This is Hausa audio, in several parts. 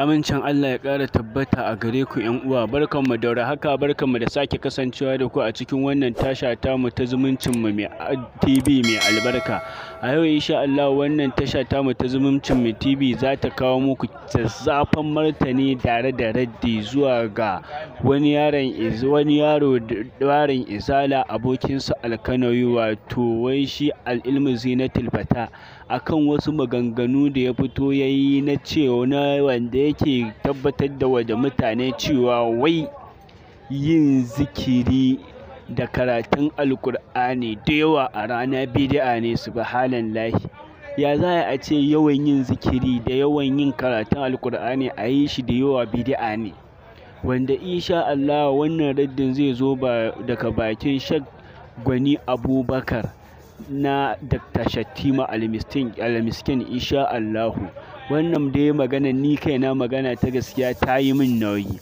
Amincin Allah ya ƙara tabbata a gare ku ƴan uwa, barkanmu da haka barkanmu da sake kasancewa da ku a cikin wannan tasha mu ta mu mai TV mai albarka. A yau insha Allah wannan tasha mu ta zumuncin mu TV za ta kawo muku zazzafan martani tare da raddi zuwa ga wani yaron wani yaro yaron Izala abokinsa alkanoyi wato wai shi al-ilmu zinatul fata. akan wasu maganganu da ya fito ya yi na cewa na wanda yake tabbatar da da mutane cewa wai yin zikiri da karatun alkur'ani da yawa a rana bidi'a ne su lahi. ya za a ce yawan yin zikiri da yawan yin karatun alkur'ani a yi shi da yawa bid'a ne wanda insha Allah wannan raddin zai zo daga bakin shak gwani abubakar na Dr. Shattima Almiskin Isha Allahu wannan dai magana ni kaina magana ta gaskiya ta yi min nauyi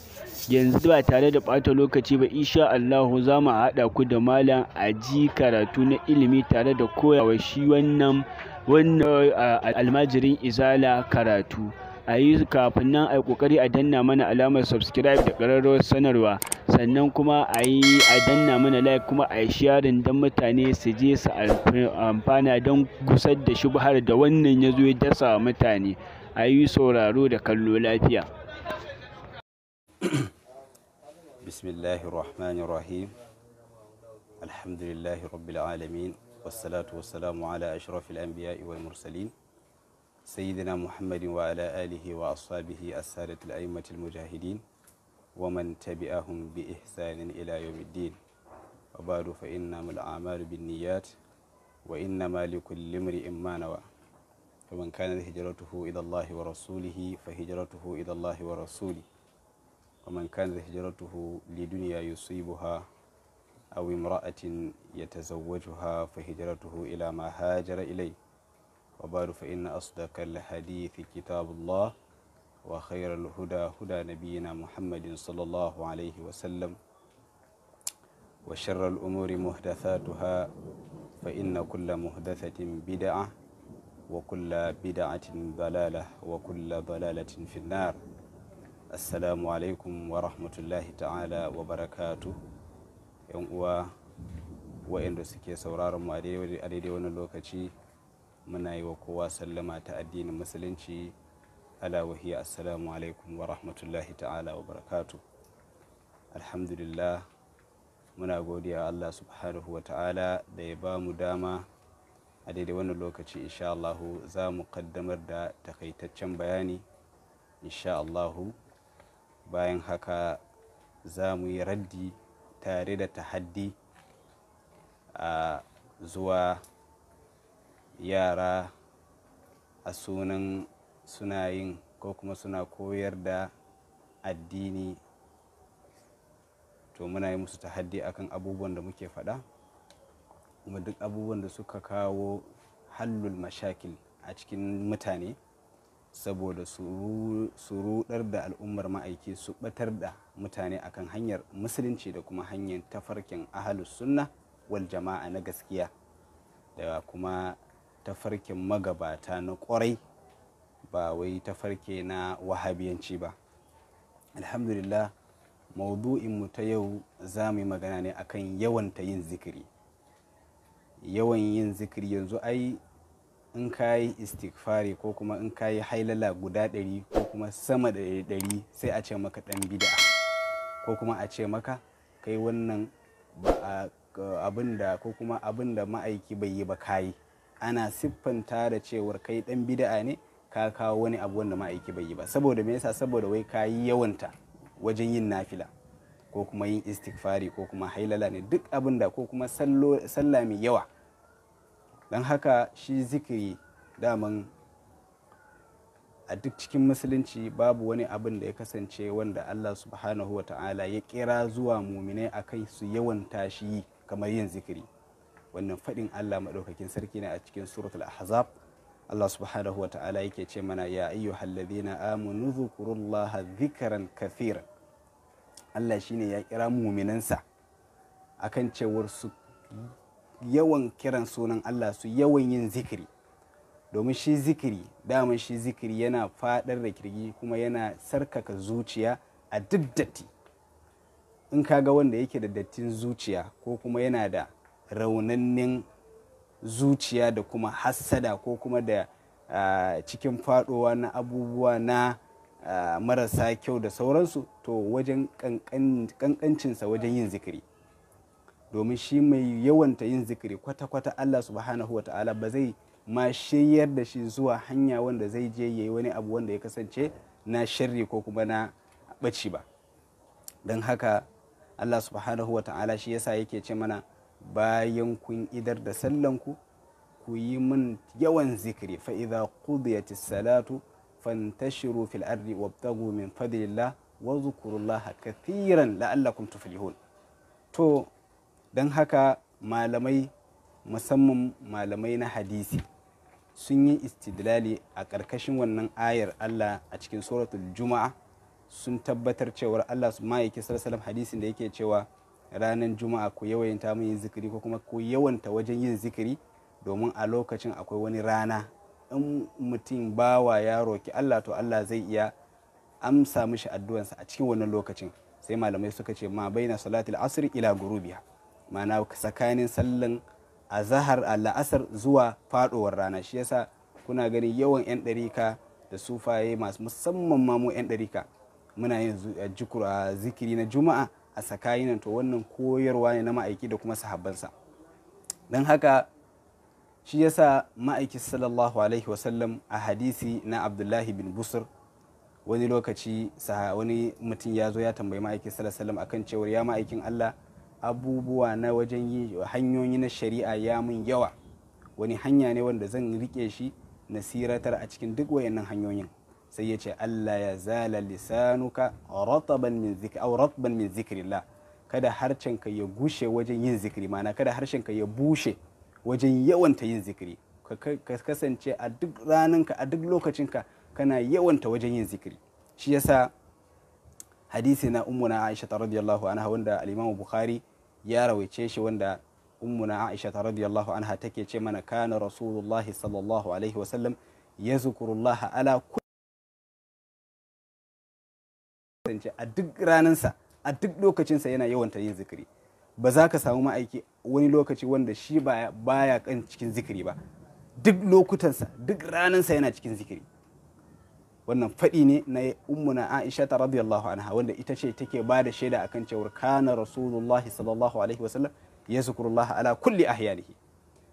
yanzu ba tare da ɓata lokaci ba Isha'allahu Allahu za mu haɗa ku da malam a karatu na ilimi tare da koyawa shi wannan almajirin izala karatu a yi kafin nan a yi kokari a danna mana alamar subscribe da ƙararrawar sanarwa sannan kuma a yi a danna mana like kuma a yi sharing don mutane su je su amfana don gusar da shubhar da wannan ya zo ya dasa mutane a yi sauraro da kallo lafiya bismillahi rahmanir rahim alhamdulillahi rabbil alamin wassalatu wassalamu ala ashrafil anbiya'i wal mursalin سيدنا محمد وعلى آله وأصحابه السادة الأئمة المجاهدين ومن تبعهم بإحسان إلى يوم الدين وبعد فإنما الأعمال بالنيات وإنما لكل امرئ ما نوى فمن كانت هجرته إلى الله ورسوله فهجرته إلى الله ورسوله ومن كانت هجرته لدنيا يصيبها أو امرأة يتزوجها فهجرته إلى ما هاجر إليه وبعد فإن أصدق الحديث كتاب الله وخير الهدى هدى نبينا محمد صلى الله عليه وسلم وشر الأمور محدثاتها فإن كل محدثة بدعة وكل بدعة ضلالة وكل ضلالة في النار السلام عليكم ورحمة الله تعالى وبركاته yan uwa wa'inda suke sauraron mu a daidai wani lokaci muna yi wa kowa sallama ta addinin musulunci ala wahiya assalamu alaikum wa rahmatullahi ta'ala wa barakatu alhamdulillah muna godiya allah subhanahu wa ta'ala da ya ba mu dama a daidai wannan lokaci insha allahu za mu kaddamar da takaitaccen bayani insha allahu bayan haka za mu yi raddi tare da tahaddi a zuwa yara a sunan suna yin ko kuma suna koyar da addini to muna yi musu tahaddi akan abubuwan da muke faɗa kuma duk abubuwan da suka kawo hallul mashakil a cikin mutane saboda su rudar da al'ummar ma'aiki su batar da mutane akan hanyar musulunci da kuma hanyar tafarkin ahalus sunna wal jama'a na gaskiya da kuma tafarkin magabata na kwarai ba wai tafarke na wahabiyanci ba alhamdulillah mu ta yau za mu yi magana ne akan yawanta yin zikiri yawan yin zikiri yanzu ai in ka yi istighfari ko kuma in ka yi hailala guda ɗari ko kuma sama da ɗari sai a ce maka ɗan bida ko kuma a ce maka kai wannan abin da ko kuma abin da ma'aiki bai yi ba kayi ana siffanta da cewar kai dan bida'a ne ka kawo wani abu wanda ma'aiki bai yi ba saboda me yasa saboda wai ka yi yawanta wajen yin nafila ko kuma yin istighfari ko kuma hailala ne duk abin da ko kuma sallah mai yawa don haka shi zikiri daman a duk cikin musulunci babu wani abin da ya kasance wanda allah subhanahu wa ta'ala ya kira zuwa muminai a kai su yawan tashi kamar yin zikiri wannan faɗin Allah maɗaukakin sarki ne a cikin suratul ahzab Allah subhanahu wata'ala yake ce mana ya ayyuhal ladina amanu Laha dhikran kathiran Allah shine ya kira muminansa kan cewar su yawan kiran sunan Allah su yawan yin zikiri domin shi zikiri daman shi zikiri yana fadar da kirgi kuma yana sarkaka zuciya a duk datti in ka ga wanda yake da dattin zuciya ko kuma yana da raunannen zuciya da kuma hassada ko kuma da uh, cikin fadowa na abubuwa na uh, marasa kyau da sauransu to wajen kankancinsa wajen yin zikiri domin shi mai yawanta yin zikiri kwata-kwata Allah subhanahu wa ta'ala ba zai ma shiryar da shi zuwa hanya wanda zai je ya yi wani abu wanda ya kasance na shirri ko kuma na ɓaci ba don haka Allah subhanahu wa ta'ala shi yasa yake ce mana bayan kun idar da sallanku ku yi min yawan zikiri fa idza qudiyat salatu fantashiru fil ardi wabtagu min fadlillah wa zkurullaha kathiran la'allakum tuflihun to dan haka malamai musamman malamai na hadisi sun yi istidlali a ƙarƙashin wannan ayar Allah a cikin suratul juma'a sun tabbatar cewar Allah su ma'aiki sallallahu hadisin da yake cewa ranar juma'a ku yawanta mun yin zikiri ko kuma ku yawanta wajen yin zikiri domin a lokacin akwai wani rana in mutum bawa ya roki Allah to Allah zai iya amsa mishi addu'ansa a cikin wannan lokacin sai malamai suka ce ma baina salatul asr ila gurubiya ma'ana tsakanin sallan azahar asr zuwa faɗowar rana shi yasa kuna ganin yawan 'yan dariƙa da sufaye masu musamman ma mu 'yan dariƙa. muna yin eh, zikiri na juma'a a tsakanin to wannan koyarwa ne na ma'aiki da kuma sahabbansa don haka shi yasa ma'aiki sallallahu alaihi wasallam a hadisi na abdullahi bin busur wani lokaci wani mutum ya zo ya tambayi ma'aikin sallallahu akan cewar ya ma'aikin Allah abubuwa na wajen yi hanyoyi na shari'a ya mun yawa wani hanya ne wanda zan rike shi nasiratar a cikin duk wayannan hanyoyin sai ya ce Allah ya zala lisanuka rataban min zikri aw ratban min zikrillah kada ka ya gushe wajen yin zikri mana kada ka ya bushe wajen yawanta yin zikri ka kasance a duk rananka a duk lokacinka kana yawanta wajen yin zikiri shi yasa hadisi na ummuna Aisha radiyallahu anha wanda al-Imam Bukhari ya rawaice shi wanda ummuna Aisha radiyallahu anha take ce mana kana rasulullahi sallallahu alaihi wasallam yazkurullaha ala kasance a duk ranansa a duk lokacinsa yana yawanta yin zikiri ba za ka samu ma'aiki wani lokaci wanda shi baya kan cikin zikiri ba duk lokutansa duk ranansa yana cikin zikiri wannan faɗi ne na umuna aisha ta radiyallahu anha wanda ita ce take ba da shaida akan cewar kana rasulullah sallallahu alaihi wasallam yazkurullah ala kulli ahyanihi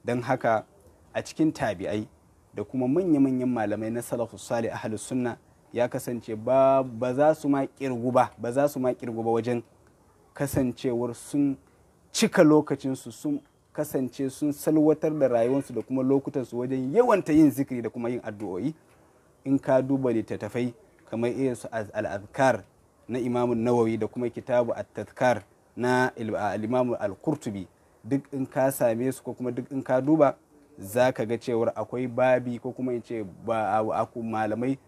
dan haka a cikin tabi'ai da kuma manya-manyan malamai na salafus salih ahlus sunna ya kasance ba za su ma kirgu ba ba za su ma kirgu ba wajen kasancewar sun cika lokacinsu sun kasance sun salwatar da rayuwarsu da kuma lokutansu wajen yawanta yin zikiri da kuma yin addu'o'i in ka duba littattafai kamar irin su al na imamu nawawi da kuma kitabu at-tadhkar na al-imamu al-qurtubi duk in ka same su ko kuma duk in ka duba za ka ga cewar akwai babi ko kuma in ce ba malamai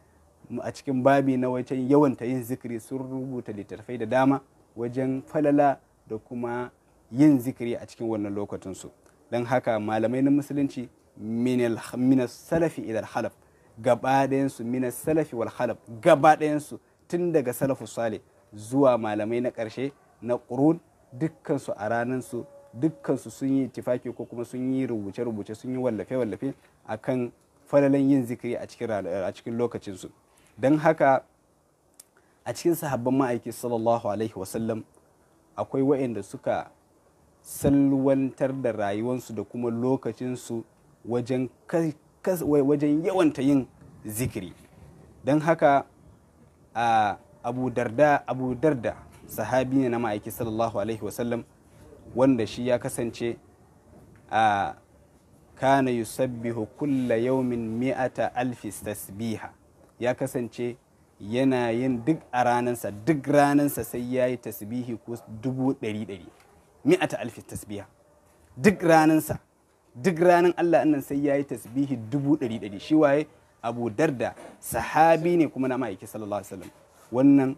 a cikin babi na wajen yawanta yin zikiri sun rubuta littattafai da dama wajen falala da kuma yin zikiri a cikin wannan lokacinsu don haka malamai na musulunci minas salafi idar halaf gaba dayansu minas salafi wal halaf gaba ɗayansu tun daga salafu sale zuwa malamai na karshe na ƙurun dukkansu a ranansu dukkansu sun yi tifaki ko kuma sun yi rubuce-rubuce sun yi wallafe-wallafe akan falalan yin zikiri a cikin lokacinsu don haka a cikin sahabban ma'aiki sallallahu alaihi wasallam akwai waɗanda suka salwantar da rayuwansu da kuma lokacinsu wajen yawanta yin zikiri don haka a abu darda abu darda sahabi ne na ma'aiki sallallahu alaihi wasallam wanda shi ya kasance a kana yusabbihu kulla yaumin mi'ata alfis tasbiha ya kasance yana yin duk a ranansa duk ranansa sai ya yi tasbihi ko dubu ɗari ɗari mi'ata alfi tasbiya duk ranansa duk ranan Allah annan sai ya yi tasbihi dubu ɗari ɗari shi waye abu darda sahabi ne kuma na ma'aiki sallallahu alaihi wasallam wannan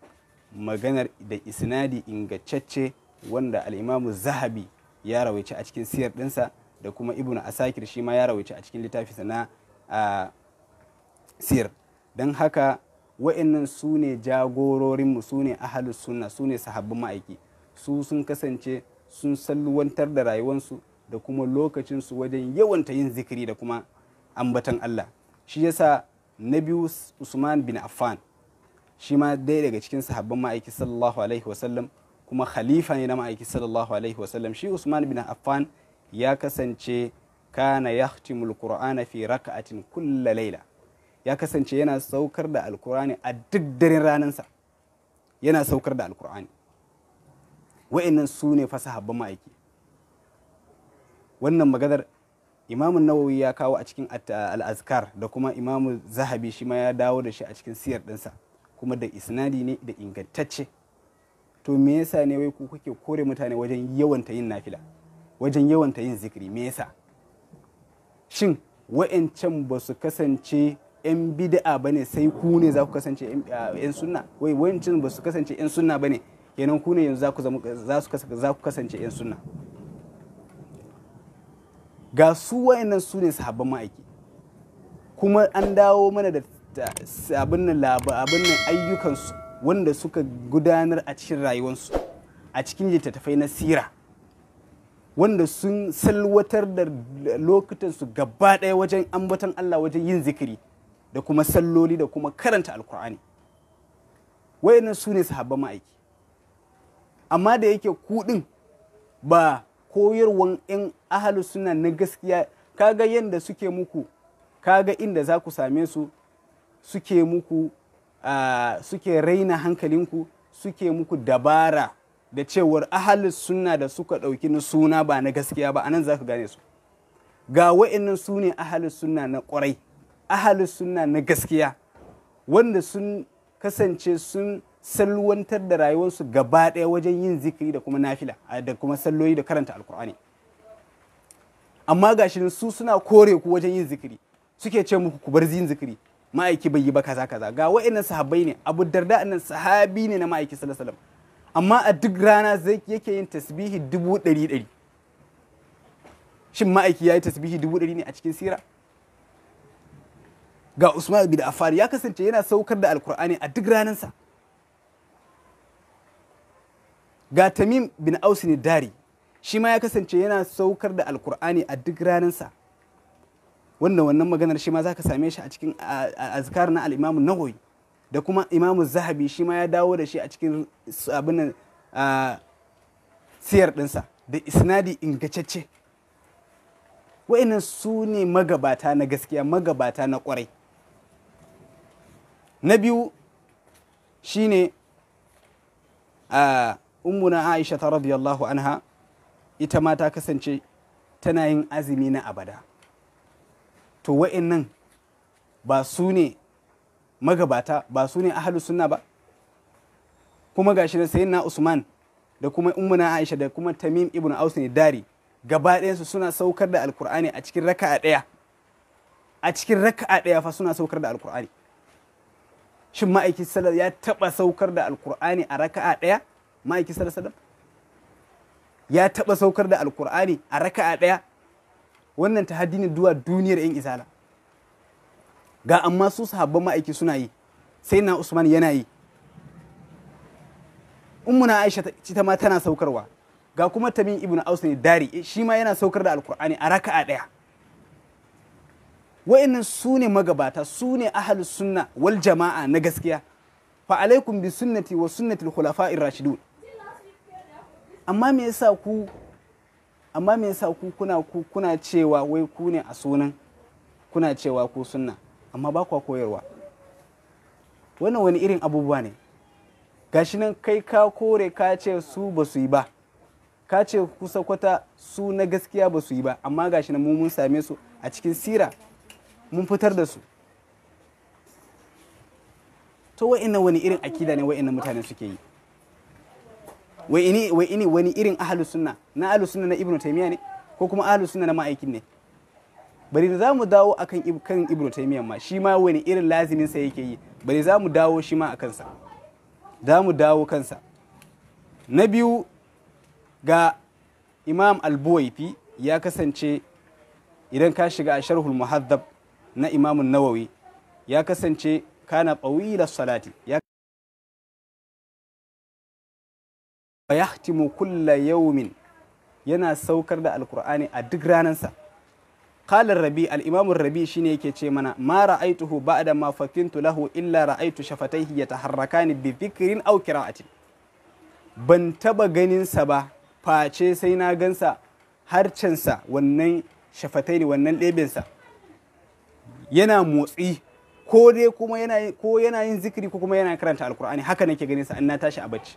maganar da isnadi ingantacce wanda al'imamu zahabi ya rawaice a cikin siyar ɗinsa da kuma ibnu asakir shi ma ya rawaice a cikin littafinsa na ah, siyar don haka wa'annan su ne jagororinmu su ne ahalus sunna su ne sahabbin ma'aiki su sun kasance sun salluwantar da rayuwansu da kuma lokacinsu wajen yawanta yin zikiri da kuma ambatan Allah shi yasa na biyu Usman bin Affan shi ma dai daga cikin sahabbin ma'aiki sallallahu alaihi wasallam kuma khalifa ne na ma'aiki sallallahu alaihi wasallam shi Usman bin Affan ya kasance kana yahtimul qur'ana fi raka'atin kulla laila ya kasance yana saukar da alkur'ani a duk daren ranansa yana saukar da alkur'ani wa'annan su ne fasahabban ma'aiki wannan maganar imamun nawawi ya kawo a cikin al'azkar da kuma imamu zahabi shi ma ya dawo da shi a cikin siyar ɗinsa kuma da isnadi ne da ingantacce to me yasa ne wai ku kuke kore mutane wajen yawanta yin nafila wajen yawanta yin zikiri me yasa shin wa'ancan ba su kasance 'yan bida'a ba ne sai ku ne za ku kasance 'yan sunna wai wancan ba su kasance 'yan sunna ba ne kenan ku ne yanzu za ku kasance 'yan sunna ga su nan su ne sahabban ma'aiki kuma an dawo mana da abin nan abin nan ayyukansu wanda suka gudanar a cikin rayuwarsu a cikin littattafai na sira wanda sun salwatar da lokutansu gaba ɗaya wajen ambaton Allah wajen yin zikiri da kuma salloli da kuma karanta alkur'ani wayannan su ne sahabban ma'aiki amma da yake kuɗin ba koyarwan 'yan ahalu suna na gaskiya kaga yadda suke muku kaga inda za ku same su suke muku suke raina hankalinku suke muku dabara da cewar ahalus suna da suka ɗauki na suna ba na gaskiya ba anan za ku gane su ga wa'annan su ne ahalus sunna na ƙwarai ahalus sunna na gaskiya wanda sun kasance sun salwantar da rayuwarsu gaba ɗaya wajen yin zikiri da kuma nafila da kuma salloyi da karanta alkur'ani amma gashi su suna kore ku wajen yin zikiri suke ce muku ku bar yin zikiri ma'aiki bai yi ba kaza kaza ga wa'annan sahabbai ne abu darda nan sahabi ne na ma'aiki sallallahu alaihi amma a duk rana zai yake yin tasbihi dubu ɗari ɗari shin ma'aiki ya yi tasbihi dubu ɗari ne a cikin sira ga Usman bin Affan ya kasance yana saukar da Alkur'ani a duk sa ga Tamim bin Aus ne dari shi ma ya kasance yana saukar da Alkur'ani a duk ranar wanda wannan maganar shi ma zaka same shi a cikin azkar na al-Imam Nawawi da kuma Imam Zahabi shi ma ya dawo da shi a cikin abin siyar ɗinsa da isnadi ingantacce wa'annan su ne magabata na gaskiya magabata na kwarai na biyu shi ne a ummuna aisha ta radiyallahu anha ita ma ta kasance tana yin azumi na abada to wa'annan ba su ne magabata ba su ne ahalu sunna ba kuma gashi na sayyidina usman da kuma ummuna aisha da kuma tamim ibn aus ne dari gaba ɗayansu suna saukar da alkur'ani a cikin raka'a ɗaya a cikin raka'a ɗaya fa suna saukar da alkur'ani shin ma'aikin sallar ya taɓa saukar da alkur'ani a raka'a ɗaya ma'aikin sallar sallar ya taɓa saukar da alkur'ani a raka'a ɗaya wannan ta ne duwa duniyar yan izala ga amma su sahabban ma'aiki suna yi sai na usman yana yi ummuna aisha ita ma tana saukarwa ga kuma Tamin, ibnu aus ne dari shi ma yana saukar da alkur'ani a raka'a ɗaya wa'annan su ne magabata su ne ahal sunna wal jama'a na gaskiya fa alaikum bi sunnati wa sunnati al-khulafa'ir rashidun amma me yasa ku amma me yasa ku kuna ku kuna cewa wai ku ne a sunan kuna cewa ku sunna amma ba kwa koyarwa wannan wani irin abubuwa ne gashi nan kai ka kore ka ce su ba su yi ba ka ce kusa kwata su na gaskiya ba su yi ba amma gashi nan mu mun same su a cikin sira mun fitar da su to wa'annan wani irin akida ne wa'annan mutane suke yi wai ini wani irin ahlus sunna na ahlus sunna na ibnu taymiya ne ko kuma ahlus sunna na ma'aikin ne bari za mu dawo akan kan ibnu taymiya ma shi ma wani irin lazimin sa yake yi bari za mu dawo shi ma a kansa za mu dawo kansa na biyu ga imam al ya kasance idan ka shiga a sharhul muhaddab na imamun nawawi ya kasance kana ɓawila salati ya yahtimu kulla yaumin yana saukar da alkur'ani a duk ranansa kalar rabi al'imamun rabi shine yake ce mana ma ra'aituhu ba'da da mafafin lahu illa ra'aitu shafataihi yataharrakani bi dhikrin aw qira'atin ban taba ganinsa ba face sai na gansa harcensa wannan shafatai wannan ɗebensa yana motsi ko dai kuma yana ko yana yin zikiri ko kuma yana karanta alkur'ani haka nake ganin sa na tashi a bacci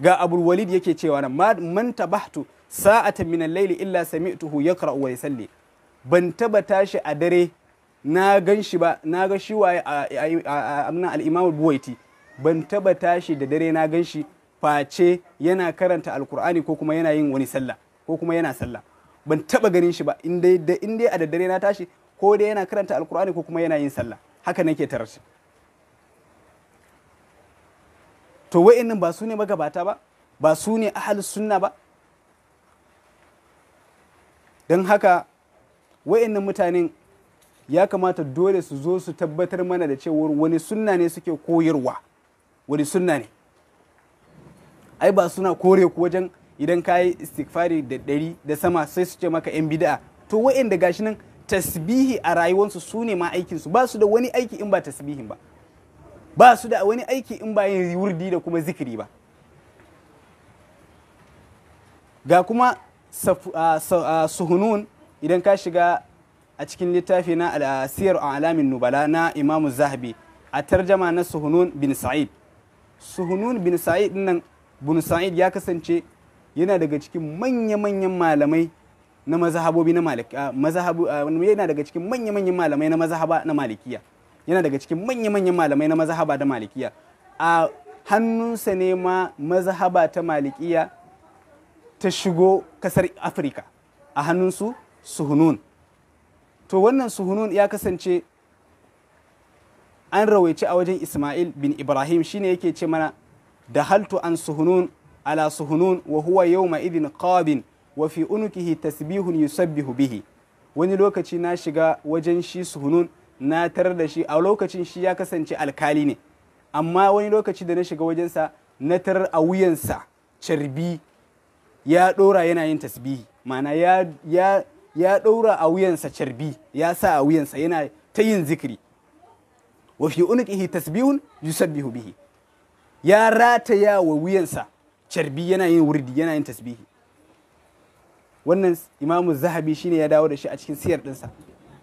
ga abul walid yake cewa nan man tabahtu sa'atan min al-layli illa sami'tuhu yaqra'u wa yusalli ban taba tashi a dare na gan shi ba na ga shi waye a amna al-imam buwaiti ban taba tashi da dare na gan shi face yana karanta alkur'ani ko kuma yana yin wani sallah ko kuma yana sallah ban taba ganin shi ba in dai a daddare na tashi ko dai yana karanta alkur'ani ko kuma yana yin sallah haka nake tarashi to wa'annan ba su ne magabata ba ba su ne ahalus sunna ba don haka wa'annan mutanen ya kamata dole su zo su tabbatar mana da cewa wani sunna ne suke koyarwa wani sunna ne ai ba suna kore ku wajen idan ka yi istighfari da ɗari da sama sai su ce maka 'yan bida'a to wa'anda gashi nan tasbihi a rayuwarsu su ne ma aikinsu ba su da wani aiki in ba tasbihin ba ba su da wani aiki in ba yin wurdi da kuma zikiri ba ga kuma suhunun idan ka shiga a cikin littafi na al'asiyar alamin nubala na imamu zahabi a tarjama na suhunun bin sa'id suhunun bin sa'id nan bin sa'id ya kasance yana daga cikin manya-manyan malamai na mazhabobi na malikiya ah, mazhabu ah, yana daga cikin manya-manyan malamai na mazahaba na malikiya yana daga cikin manya-manyan malamai na mazahaba da malikiya a hannunsa ne ma mazahaba ta malikiya ta shigo kasar afirka a hannunsu suhunun to wannan suhunun ya kasance an rawaici a wajen ismail bin ibrahim shine yake ce mana da haltu an suhunun ala suhunun wa huwa yawma idin qabin wa fi unukihi tasbihun yusabbihu bihi wani lokaci na shiga wajen shi suhunun na tarar da shi a lokacin shi ya kasance alkali ne amma wani lokaci da na shiga wajensa na tarar a wuyansa carbi ya ɗora yana yin tasbihi mana ya, ya, ya a wuyansa carbi ya sa a wuyansa yana ta yin zikiri wa fi tasbihun yusabbihu bihi ya rataya wa wuyansa carbi yana yin wurdi yana yin tasbihi wannan imamu zahabi shine ya dawo da shi a cikin siyar dinsa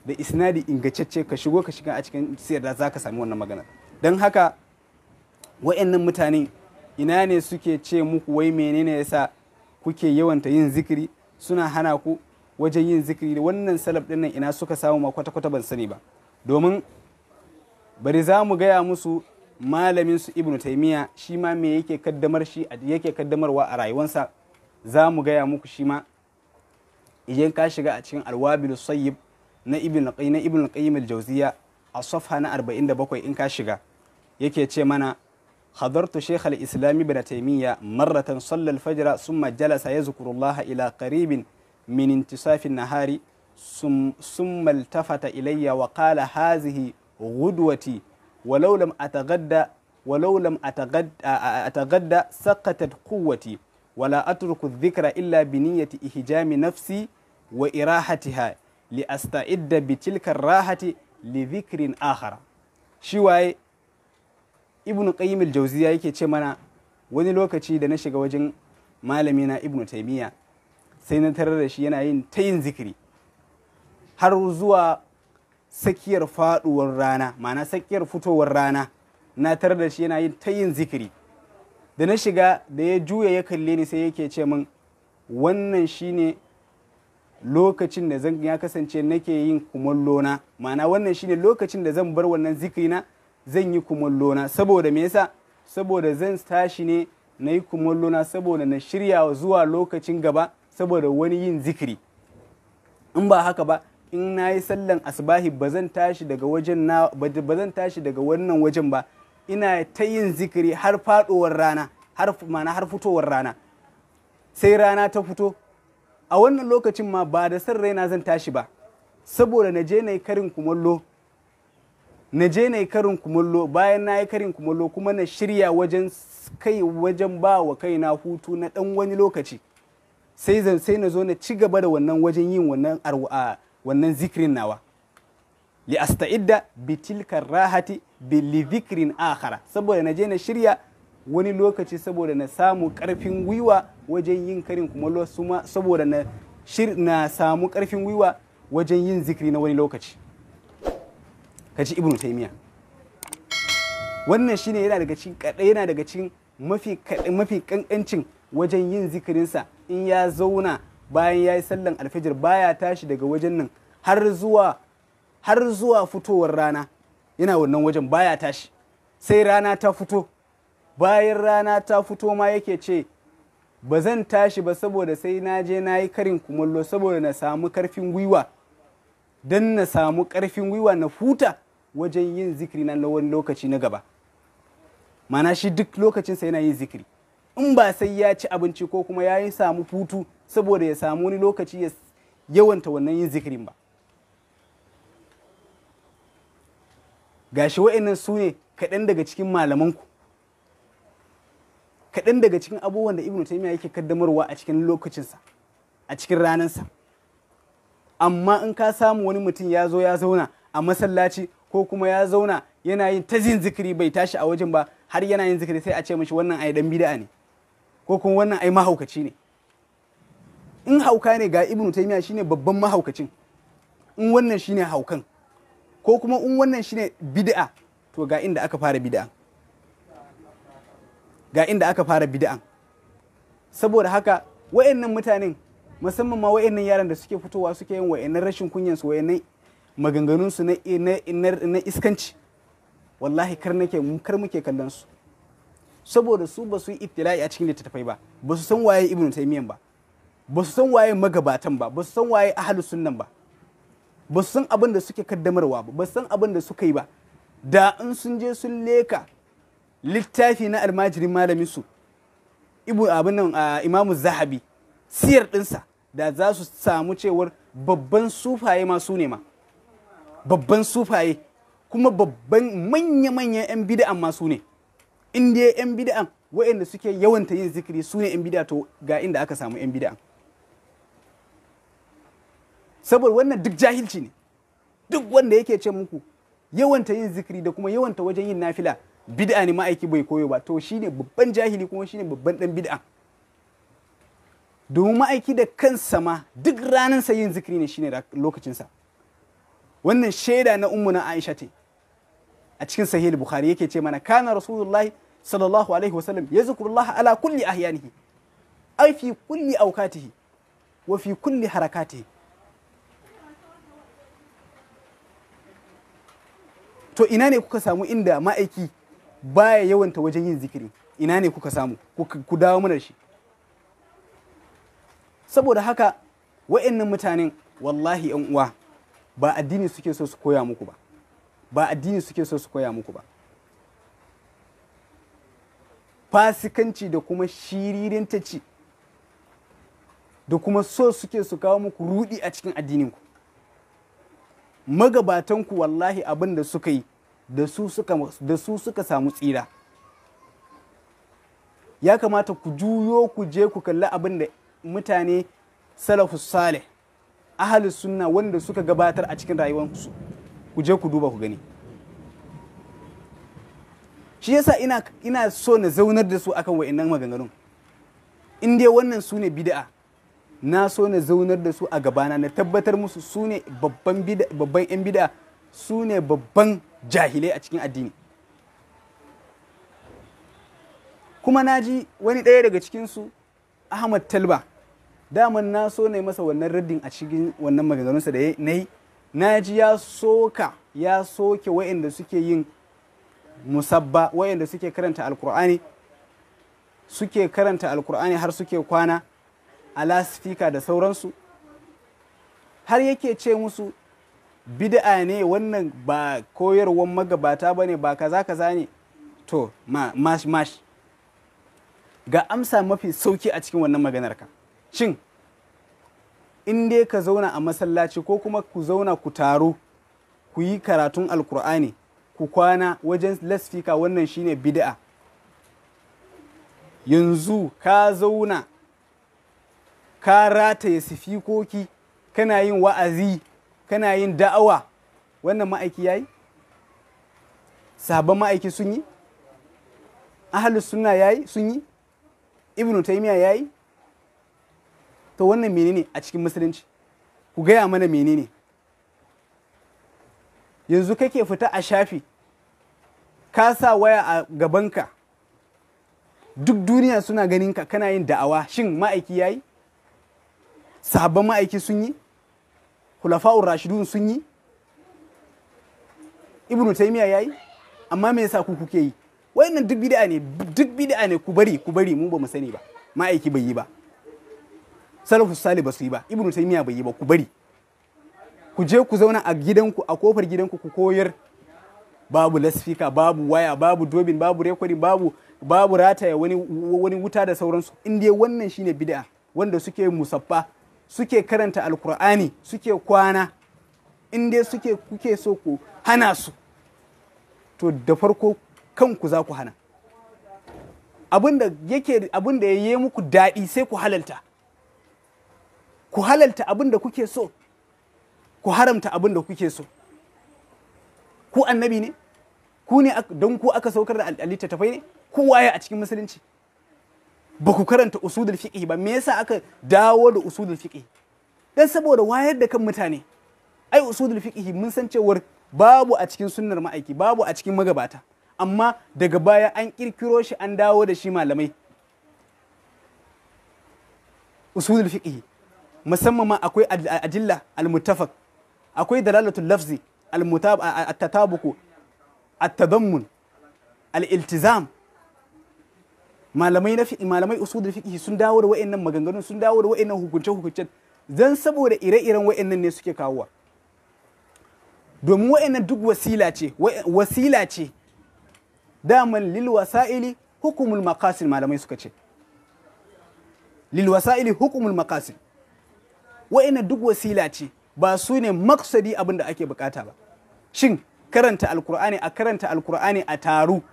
da isnadi ingantacce ka shigo ka shiga a cikin siyar da zaka sami wannan magana don haka wayannan mutane ina ne suke ce muku wai menene yasa kuke yawanta yin zikiri suna hana ku wajen yin zikiri da wannan salaf din nan ina suka samu ma kwata kwata ban sani ba domin bari za mu gaya musu malamin su ibnu taimiya shi ma me yake kaddamar shi yake kaddamarwa a rayuwarsa za mu gaya muku shi ma idan ka shiga a cikin alwabil sayyib na ibn qayyim na ibn qayyim al-jawziya a safha na 47 in ka shiga yake ce mana hadartu shaykh al-islam ibn taymiya marratan salla al-fajr thumma jalasa yazkuru Allah ila qaribin min intisaf an-nahari thumma iltafata ilayya wa qala hadhihi غدوتي ولو لم أتغدى ولو لم أتغدى, أتغدى سقطت قوتي ولا أترك الذكر إلا بنية إهجام نفسي wa irahatiha li asta'idda bi tilka rahati li dhikrin akhara shi waye ibnu qayyim al-jawziya yake ce mana wani lokaci da na shiga wajen malami na ibnu taymiya sai na tarar da shi yana yin ta yin zikiri har zuwa sakiyar faduwar rana ma'ana sakiyar fitowar rana na tarar da shi yana yin ta yin zikiri da na shiga da ya juya ya kalle ni sai yake ce min wannan shine lokacin da zan ya kasance nake yin kumallona na ma'ana wannan shine lokacin da zan bar wannan zikiri zan yi kumallona saboda me yasa saboda zan tashi ne na yi kumallona saboda na shirya zuwa lokacin gaba saboda wani yin zikiri in ba haka ba in na yi sallan asbahi ba zan tashi daga wannan wajen ba ina ta yin zikiri har faɗowar rana har ma'ana har fitowar rana sai rana ta fito a wannan lokacin ma ba da san raina zan tashi ba saboda na je na yi karin kumallo na je na yi karin kumallo bayan na yi karin kumallo kuma na shirya wajen kai wajen ba wa kaina hutu na dan wani lokaci sai zan sai na zo na ci gaba da wannan wajen yin wannan wannan zikirin nawa li asta'idda bi tilka rahati bi li zikrin akhara saboda na je na shirya wani lokaci saboda na samu karfin gwiwa wajen yin karin kumallo saboda na shir na samu karfin gwiwa wajen yin zikiri na wani lokaci kaji ibnu taymiya wannan shine yana daga cikin kadai yana daga cikin mafi mafi kankancin wajen yin zikirinsa in ya zauna bayan ya yi sallan alfijir baya tashi daga wajen nan har zuwa har zuwa fitowar rana yana wannan wajen baya tashi sai rana ta fito bayan rana ta fito ma yake ce ba zan tashi ba saboda sai na je na yi karin kumallo saboda na samu karfin gwiwa don na samu karfin gwiwa na huta wajen yin zikiri na wani lokaci na gaba mana shi duk lokacin sai yana yin zikiri in ba sai ya ci abinci ko kuma ya yi samu hutu saboda ya samu wani lokaci ya yawanta wannan yin zikirin ba gashi wa'annan su ne kaɗan daga cikin malamanku kaɗan daga cikin abubuwan da ibnu taimiyya yake kaddamarwa a cikin lokacinsa a cikin ranansa amma in ka samu wani mutum ya zo ya zauna a masallaci ko kuma ya zauna yana yin ta zikiri bai tashi a wajen ba har yana yin zikiri sai a ce mashi wannan ai dan bid'a ne ko kuma wannan ai mahaukaci ne in hauka ne ga ibnu taimiyya shine babban mahaukacin in wannan shine haukan ko kuma in wannan shine bid'a to ga inda aka fara bid'a ga inda aka fara bid'an saboda haka wayannan mutanen musamman ma wayannan yaran da suke fitowa suke yin wayannan rashin kunyan su wayannan maganganun su na na iskanci wallahi kar nake kar muke kallon su saboda su ba su yi ibtila'i a cikin littattafai ba ba su san waye ibnu taymiyan ba ba su san waye magabatan ba ba su san waye ahlus sunnan ba ba su san abin da suke kaddamarwa ba ba su san abin da suka yi ba da in sun je sun leka littafi na almajirin malamin su ibu abin nan a imamu zahabi siyar ɗinsa da za su samu cewar babban sufaye ma ma babban sufaye kuma babban manya-manyan 'yan bida'an ma ne inda 'yan bida'an wa'anda suke yawanta yin zikiri su ne 'yan bida'a to ga inda aka samu 'yan bida'an saboda wannan duk jahilci ne duk wanda yake ce muku yawanta yin zikiri da kuma yawanta wajen yin nafila bid'a ne ma'aiki bai koyo ba to shine babban jahili kuma shine babban dan bid'a domin ma'aiki da kansa ma duk ranar sa yin zikiri ne shine lokacinsa wannan shaida na ummu na Aisha ce a cikin sahih bukhari yake ce mana kana rasulullahi sallallahu alaihi wasallam yazkurullah ala kulli ahyanihi ay fi kulli awqatihi wa fi kulli harakatihi to ina ne kuka samu inda ma'aiki baya yawanta wajen yin zikiri ina ne kuka samu ku dawo mana shi saboda haka wa'annan mutanen wallahi yan uwa ba addini suke so su koya muku ba ba addini suke so su koya muku ba fasikanci da kuma ta ci da kuma so suke su kawo muku rudi a cikin addininku magabatanku wallahi abin da suka yi da su suka samu tsira ya kamata ku juyo ku je ku kalli abin da mutane salafu sale ahalus sunna wanda suka gabatar a cikin rayuwarsu ku je ku duba ku gani shi yasa ina so na zaunar da su akan wa'annan maganganun in dai wannan su ne bida'a na so na zaunar da su a gabana na tabbatar musu su ne babban yan bid'a su ne babban jahilai a cikin addini kuma na ji wani ɗaya daga cikinsu ahmad talba daman na so na masa wannan raddin a cikin wannan maganganunsa da na yi na ji ya soka ya soke wa'inda suke yin musabba wa'inda suke karanta alkur'ani suke karanta alkur'ani har suke kwana a lasifika da sauransu har yake ce musu bid'a ne wannan ba koyarwar magabata ba ne ba kaza kaza ne to mash mash ga amsa mafi sauki a cikin wannan maganar ka shin in dai ka zauna a masallaci ko kuma ku zauna ku taro ku yi karatun alkur'ani ku kwana wajen lasfika wannan shine bid'a yanzu ka zauna ka rataye sifikoki kana yin wa'azi kana yin da'awa wannan ma'aiki yayi sabon ma'aiki sun yi ahalus ya yi sun yi ibnu ya yayi to wannan menene a cikin musulunci ku gaya mana menene yanzu kake fita a shafi ka sa waya a gabanka duk duniya suna ganinka kana yin da'awa shin ma'aiki yayi sabon ma'aiki sun yi hulafa'ur rashidun sun yi ibnu ya yi, amma me yasa ku kuke yi wayannan duk bid'a ne duk bid'a ne ku bari ku bari mu ba mu sani ba ma'aiki bai yi ba salafu salih ba su yi ba ibnu taymiya bai yi ba ku bari ku je ku zauna a gidanku a kofar gidanku ku koyar babu lasfika babu waya babu dobin babu rekwari babu babu rataya wani wuta da sauransu in wannan shine bid'a wanda suke musaffa suke karanta alkur'ani suke kwana in dai suke kuke so ku hana su to da farko kanku za ku hana abinda yake abinda ya yi muku daɗi sai ku halalta ku halalta abinda kuke so ku haramta abinda kuke so ku annabi ne ku ne don ku aka saukar da alita tafai ne ku waye a cikin musulunci ba ku karanta usulul fiqi ba me yasa aka dawo da usulul fiqi dan saboda wayar da kan mutane ai usulul fiqi mun san cewar babu a cikin sunnar ma'aiki babu a cikin magabata amma daga baya an kirkiro shi an dawo da shi malamai usulul fiqi musamman ma akwai adilla almutafak akwai dalalatul lafzi at tatabuku at-tadammun al-iltizam malamai na fiqh malamai usulul fiqh sun dawo da wayannan maganganun sun dawo da wayannan hukunce hukuncen dan saboda ire-iren wayannan ne suke kawowa domin wayannan duk wasila ce wasila ce daman lil wasaili hukumul maqasid malamai suka ce lil wasaili hukumul maqasid wayannan duk wasila ce ba su ne maksadi abinda da ake bukata ba shin karanta alkur'ani a karanta alkur'ani a taru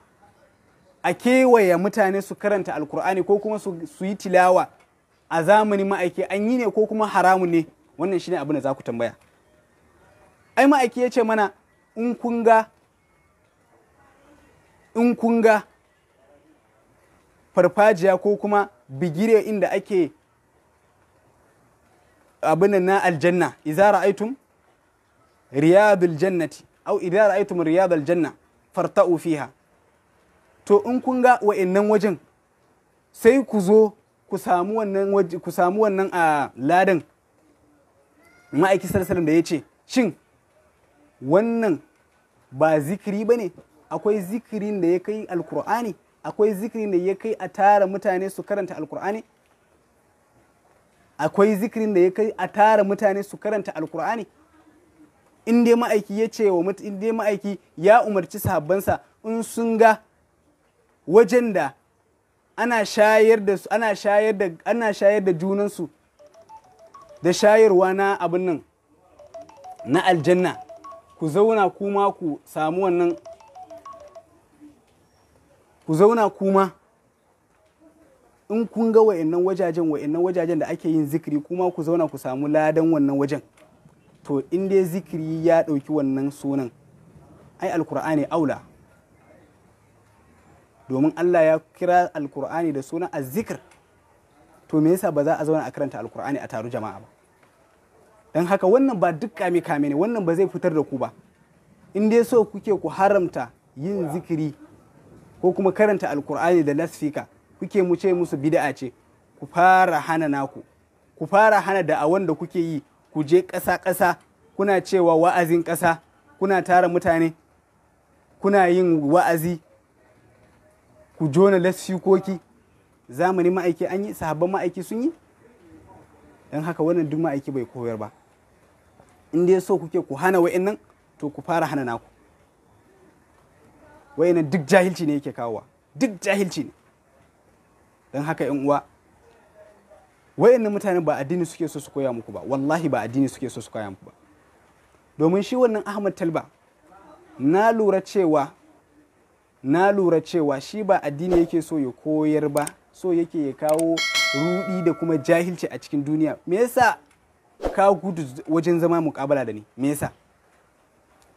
a kewaye mutane su karanta alkur'ani ko kuma su yi tilawa a zamani ma'aiki an yi ne ko kuma haramun ne wannan shine abin da za ku tambaya ai ma'aiki ya ce mana in kun ga in farfajiya ko kuma bigire inda ake abin na aljanna izara aitum riyadul jannati au idara aitum riyadul janna farta'u fiha to in kun ga wa'annan wajen sai ku zo ku samu wannan ku samu wannan a ladan ma'aiki sallallahu da ya ce shin wannan ba zikiri ba ne akwai zikirin da ya kai alkur'ani akwai zikirin da ya kai a tara mutane su karanta alkur'ani akwai zikirin da ya kai a tara mutane su karanta alkur'ani in dai ma'aiki ya ce wa in dai ma'aiki ya umarci sahabbansa in sun ga wajen da ana shayar da ana shayar da ana shayar da junansu da shayarwa na abin nan na aljanna ku zauna kuma ku samu wannan ku zauna kuma in kun ga wa'annan wajajen wa'annan wajajen da ake yin zikiri kuma ku zauna ku samu ladan wannan wajen to in dai zikiri ya ɗauki wannan sunan ai alkur'ani aula domin Allah ya kira alkur'ani da suna azzikir to me yasa ba za a zauna a karanta alkur'ani a taru jama'a ba don haka wannan ba duk kame kame ne wannan ba zai fitar da ku ba in dai so kuke ku haramta yin zikiri ko kuma karanta alkur'ani da lasfika kuke mu ce musu bid'a ce ku fara hana naku ku fara hana da awan da kuke yi ku je ƙasa ƙasa kuna cewa wa'azin ƙasa kuna tara mutane kuna yin wa'azi ku jona lasfikoki zamani ma'aiki an yi sahabban ma'aiki sun yi don haka wannan duk ma'aiki bai koyar ba in dai so kuke ku hana nan, to ku fara hana naku wa'annan duk jahilci ne yake kawowa duk jahilci ne don haka yan uwa wa'annan mutane ba addini suke so su koya muku ba wallahi ba addini suke so su koya muku ba domin shi wannan ahmad talba na lura cewa na lura cewa shi ba addini yake so ya koyar ba so yake ya kawo rudi da kuma jahilci a cikin duniya me yasa ka gudu wajen zama mukabala da ni me yasa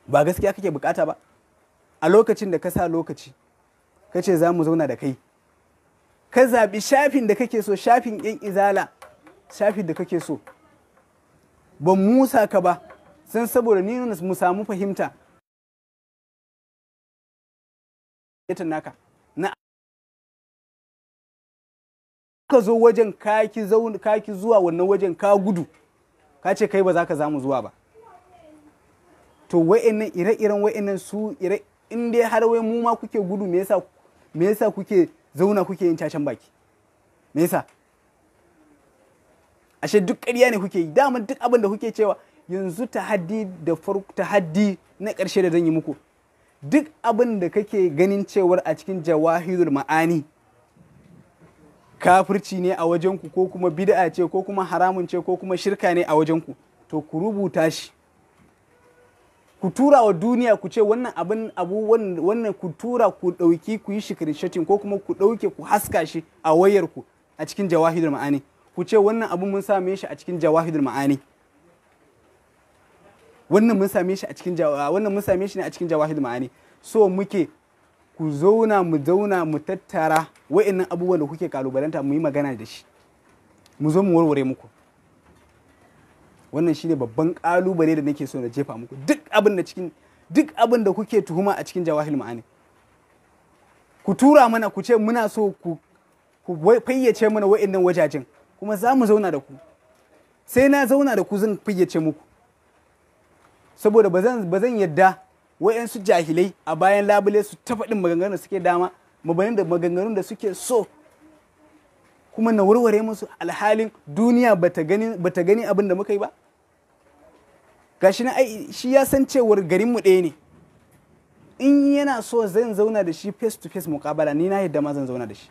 ba gaskiya kake bukata ba a lokacin da ka sa lokaci ka ce za mu zauna da kai ka zaɓi shafin da kake so shafin yan izala shafin da kake so ban musa ka ba san saboda ni mu samu fahimta ita naka na ka zo wajen kaki zaun kaki zuwa wannan wajen ka gudu ka ce kai ba za ka zamu zuwa ba to wa'annan ire-iren wa'annan su ire in dai har wai mu ma kuke gudu me yasa me yasa kuke zauna kuke yin cacen baki me yasa ashe duk ƙarya ne kuke yi daman duk abin da kuke cewa yanzu tahaddi da farko tahaddi na ƙarshe da zan yi muku duk abin da kake ganin cewar a cikin jawahirul ma'ani kafirci ne a wajenku ko kuma bid'a ce ko kuma haramun ce ko kuma shirka ne a wajenku to ku rubuta shi ku tura wa duniya ku ce wannan abin abu wannan ku tura ku ɗauki ku yi shikirishatin ko kuma ku ɗauke ku haska shi a wayarku a cikin jawahidul ma'ani ku ce wannan abin mun same shi a cikin jawahidul ma'ani wannan mun same shi a cikin wannan mun same shi ne a cikin jawahid ma'ani so muke ku zauna mu zauna mu tattara wa'annan abubuwan da kuke kalubalanta mu yi magana da shi mu zo mu warware muku wannan shine babban kalubale da nake so na jefa muku duk abin da cikin duk abin da kuke tuhuma a cikin jawahil ma'ani ku tura mana ku ce muna so ku ku fayyace mana wa'annan wajajen kuma za mu zauna da ku sai na zauna da ku zan fayyace muku saboda ba zan yadda wayansu jahilai a bayan labule su ta faɗin maganganun da suke dama mabanin da maganganun da suke so kuma na warware musu alhalin duniya bata gani abin da muka yi ba gashi na shi ya san cewar garin mu ɗaya ne in yana so zan zauna da shi face to face muƙabala ni na yadda ma zan zauna da shi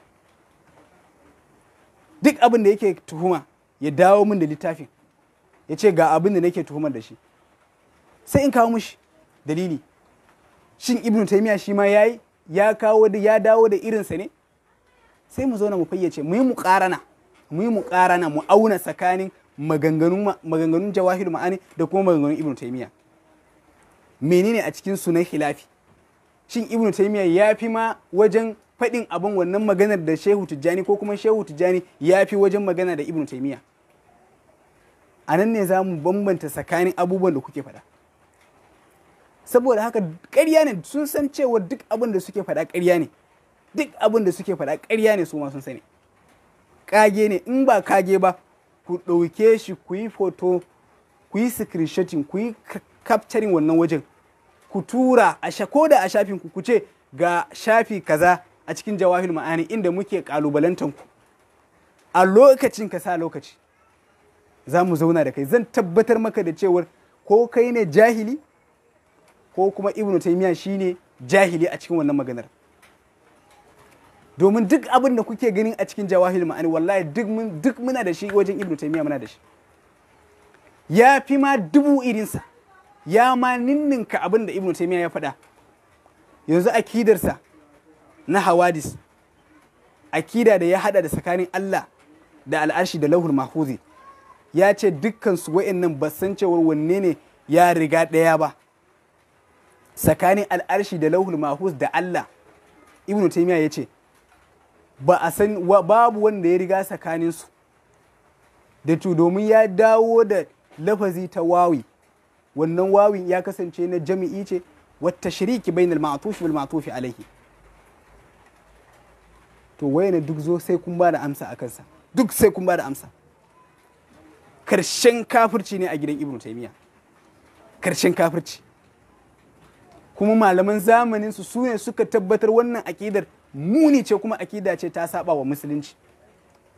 duk abin da yake tuhuma ya dawo min da littafin ya ce ga abin da nake tuhumar da shi sai in kawo mushi dalili shin ibnu taymiya shi ma yayi ya kawo da ya dawo da irinsa ne sai mu zauna mu fayyace mu yi mu karana mu yi mu karana mu auna tsakanin maganganun maganganun jawahir ma'ani da kuma maganganun ibnu taymiya menene a cikin sunan khilafi shin ibnu taymiya ya fi ma wajen faɗin abin wannan maganar da shehu tijjani ko kuma shehu tijjani ya fi wajen magana da ibnu taymiya a nan ne za mu bambanta tsakanin abubuwan da kuke faɗa saboda haka ƙarya ne sun san cewa duk abin da suke faɗa ƙarya ne duk abin da suke faɗa ƙarya ne su ma sun sani kage ne in ba kage ba ku ɗauke shi ku yi foto ku yi screenshotting ku yi capturing wannan wajen ku tura a ko da a shafin ku ce ga shafi kaza a cikin jawahir ma'ani inda muke kalubalantan ku a lokacin ka sa lokaci za mu zauna da kai zan tabbatar maka da cewar ko kai ne jahili ko kuma ibnu taymiya shine jahili a cikin wannan maganar domin duk abin da kuke ganin a cikin jawahil ma'ani wallahi duk muna da shi wajen ibnu taymiya muna da shi ya fi ma dubu irinsa ya ma ninninka abin da ibnu ya faɗa yanzu akidarsa na hawadis akida da ya hada da tsakanin Allah da al'arshi da lauhul mahfuzi ya ce dukkan su wa'annan ba san cewar wanne ne ya riga ɗaya ba tsakanin al'arshi da lauhul mahus da Allah ibn taymiya ya ce ba a san babu wanda ya riga tsakanin su da to domin ya dawo da lafazi ta wawi wannan wawin ya kasance na jami'i ce wata shiriki bai ma'atufi wal ma'tufi alaihi to wayana duk zo sai kun ba da amsa a kansa duk sai kun ba da amsa karshen kafirci ne a gidan ibn taymiya karshen kafirci kuma malaman zamanin su sune suka tabbatar wannan akidar muni ce kuma akida ce ta saba wa musulunci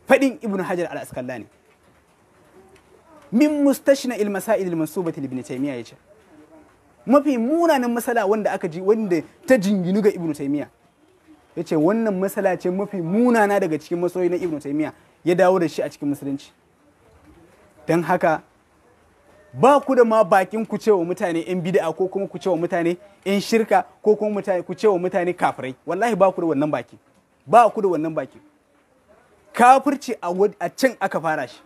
fadin ibnu hajar al asqalani min mustashna il masail al mansubati ibn taymiya yace mafi munanan masala wanda aka ji wanda ta jinginu ga ibnu taymiya yace wannan masala ce mafi munana daga cikin masoyi na ibnu taymiya ya dawo da shi a cikin musulunci dan haka ba ku da ma bakin ku cewa mutane yan bid'a ko kuma ku cewa mutane yan shirka ko kuma mutane ku cewa mutane kafirai wallahi ba ku da wannan baki ba ku da wannan baki kafirci a can aka fara shi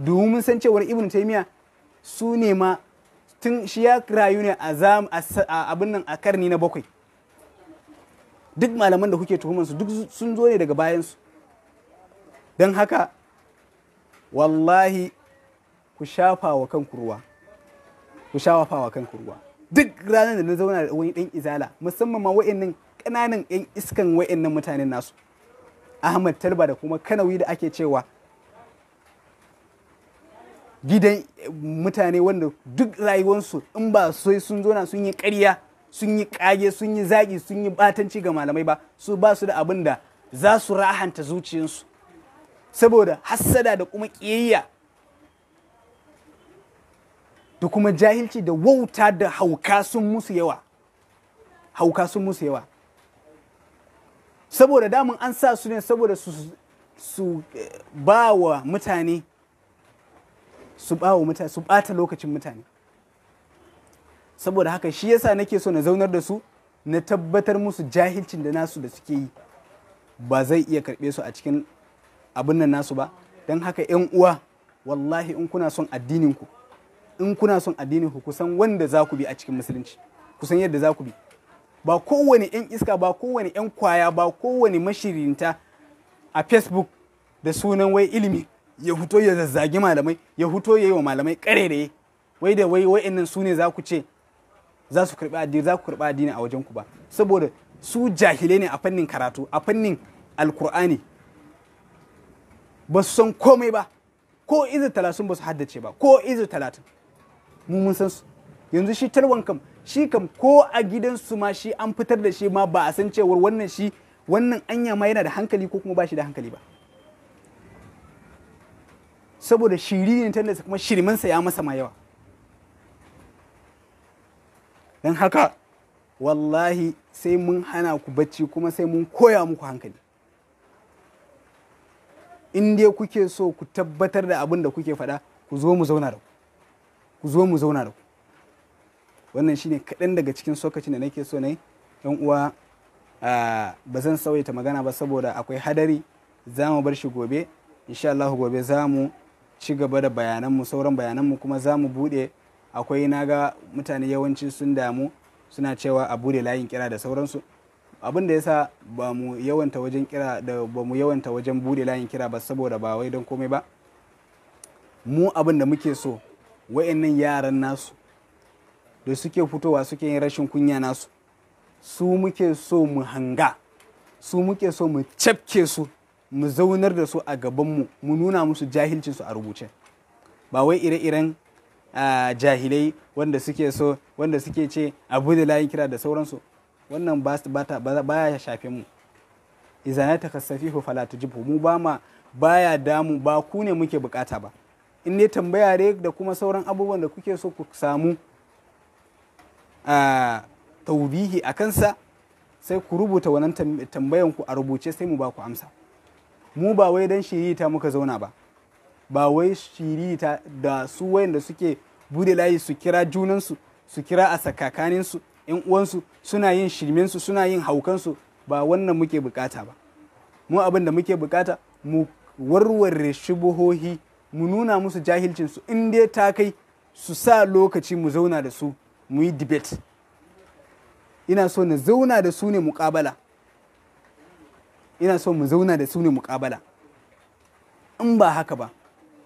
domin san cewar ibn taymiya su ne ma tun shi ya rayu ne a abin nan a karni na bakwai duk malaman da kuke tuhuman su duk sun zo ne daga bayansu don haka wallahi ku shafa wa kanku ruwa ku shafa wa kanku ruwa duk ranar da na zauna da wani dan izala musamman ma wa'annan kananan yan iskan wa'annan mutanen nasu Ahmad Talba da kuma Kanawi da ake cewa gidan eh, mutane wanda duk rayuwarsu in ba sai sun zo sun yi ƙarya sun yi ƙage sun yi zagi sun yi batanci ga malamai ba su ba su da abin da za su rahanta zuciyarsu saboda hassada da kuma ƙiyayya da kuma jahilci da wauta da hauka sun musu yawa hauka sun musu yawa saboda damun an sa su ne saboda su, su eh, ba wa mutane su ba wa mutane su bata lokacin mutane saboda haka shi yasa nake so na zaunar da su na tabbatar musu jahilcin da nasu da suke yi ba zai iya karɓe su a cikin abin nan nasu ba don haka 'yan uwa wallahi in kuna son addininku ku in kuna son addinin ku kusan wanda za ku bi a cikin musulunci kusan yadda za ku bi ba kowane 'yan iska ba kowane 'yan kwaya ba kowane mashirinta a facebook da sunan wai ilimi ya huto ya zazzagi malamai ya huto ya yi wa malamai kare kareraye wai da wai wa'annan su ne za ku ce za su karɓi addini za ku karɓi addini a wajen ku ba saboda su jahilai ne a fannin karatu a fannin alkur'ani ba su san komai ba ko izu talatin ba su haddace ba ko izu talatin mu mun san su yanzu shi talwan kam shi kam ko a gidansu ma shi an fitar da shi ma ba a san cewar wannan shi wannan anya ma yana da hankali ko kuma ba shi da hankali ba saboda shiri ne ta kuma shirmansa ya masa ma yawa don haka wallahi sai mun hana ku bacci kuma sai mun koya muku hankali in dai kuke so ku tabbatar da abin da kuke faɗa ku zo mu zauna da ku zo mu zauna da ku wannan shine kaɗan daga cikin sokacin da nake so na yi. yan uwa ba zan sauyata magana ba saboda akwai hadari za mu bar shi gobe insha Allah gobe za mu ci gaba da bayanan mu sauran bayanan mu kuma za mu buɗe akwai na ga mutane yawanci sun damu suna cewa a bude layin kira da sauransu abin da yasa ba mu yawanta wajen kira da ba mu yawanta wajen bude layin kira ba saboda ba wai don komai ba mu abin da muke so wa'annan yaran nasu da suke fitowa suke yin rashin kunya nasu su muke so mu hanga su muke so mu cafke su mu zaunar da su a gabanmu mu nuna musu jahilcinsu a rubuce ba wai ire-iren jahilai wanda suke so wanda suke ce abu da layin kira da sauransu wannan ba ya shafe mu izana ta kasafi fala tujibu mu ba ma baya damu ba ku ne muke bukata ba in ne tambaya ne da kuma sauran abubuwan da kuke so ku samu a taubihi a kansa sai ku rubuta wannan tambayan ku a rubuce sai mu ba ku amsa mu ba wai dan shiririta muka zauna ba ba wai shiririta da su wayanda suke bude layi su kira junansu su kira a sakakaninsu yan uwansu suna yin su suna yin haukansu ba wannan muke bukata ba mu abin da muke bukata mu warware shubuhohi mu nuna musu jahilcinsu in dai ta kai su sa lokaci mu zauna da su mu yi debate ina so na zauna da su ne mukabala ina so mu zauna da su ne muƙabala in ba haka ba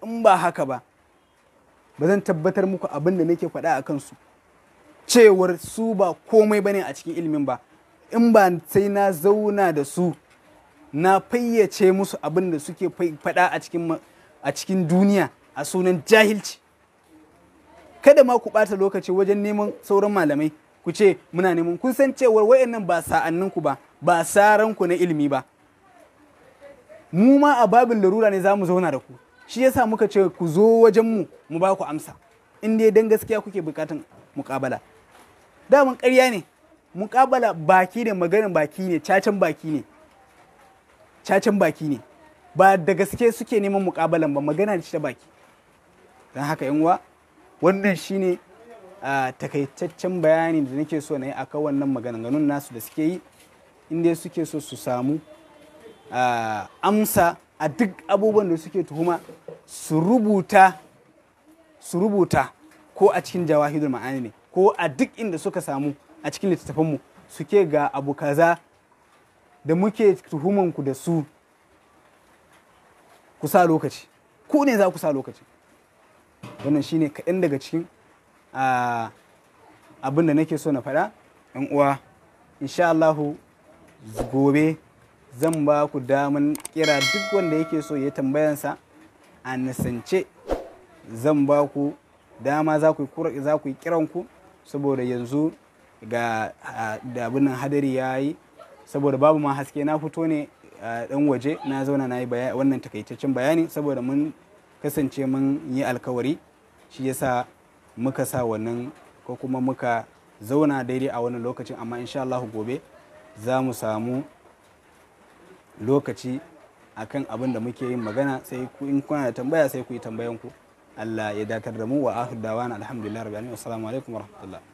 in ba haka ba ba zan tabbatar muku abin da nake faɗa a kansu cewar su ba komai bane a cikin ilimin ba in ba sai na zauna da su na fayyace musu abin da suke faɗa a cikin a cikin duniya a sunan jahilci kada ma ku ɓata lokaci wajen neman sauran malamai ku ce muna neman kun san cewar wayannan ba ku ba ba ku na ilimi ba mu ma a babin larura ne zamu zauna da ku shi yasa muka ce ku zo wajen mu mu ba ku amsa in dai dan gaskiya kuke bukatun muƙabala daman ƙarya ne muƙabala baki ne maganin baki ne cacan baki ne cacan baki ne ba da gaske suke neman mukabalan ba magana da shi ta baki don haka yan uwa wannan shine a takaitaccen bayani da nake so na yi a wannan maganganun nasu da suke yi inda suke so su samu amsa a duk abubuwan da suke tuhuma su rubuta su rubuta ko a cikin jawahidul ma'ani ne ko a duk inda suka samu a cikin littattafanmu suke ga abu kaza da muke tuhumanku da su ku sa lokaci ku ne za ku sa lokaci wannan shine kaɗan daga cikin abin da nake so na faɗa yan uwa insha Allahu gobe zan ba ku daman kira duk wanda yake so ya tambayansa a nisance zan ba ku dama za ku yi ku saboda yanzu ga da hadari ya yi saboda babu ma haske na fito ne dan waje na zauna na yi wannan takaitaccen bayani saboda mun kasance mun yi alkawari shi yasa muka sa wannan ko kuma muka zauna daidai a wannan lokacin amma insha Allah gobe za mu samu lokaci akan abin da muke yin magana sai in kuna da tambaya sai ku yi tambayanku Allah ya dakar da mu wa ahudawa na alhamdulillah rabbil alamin assalamu alaikum wa rahmatullah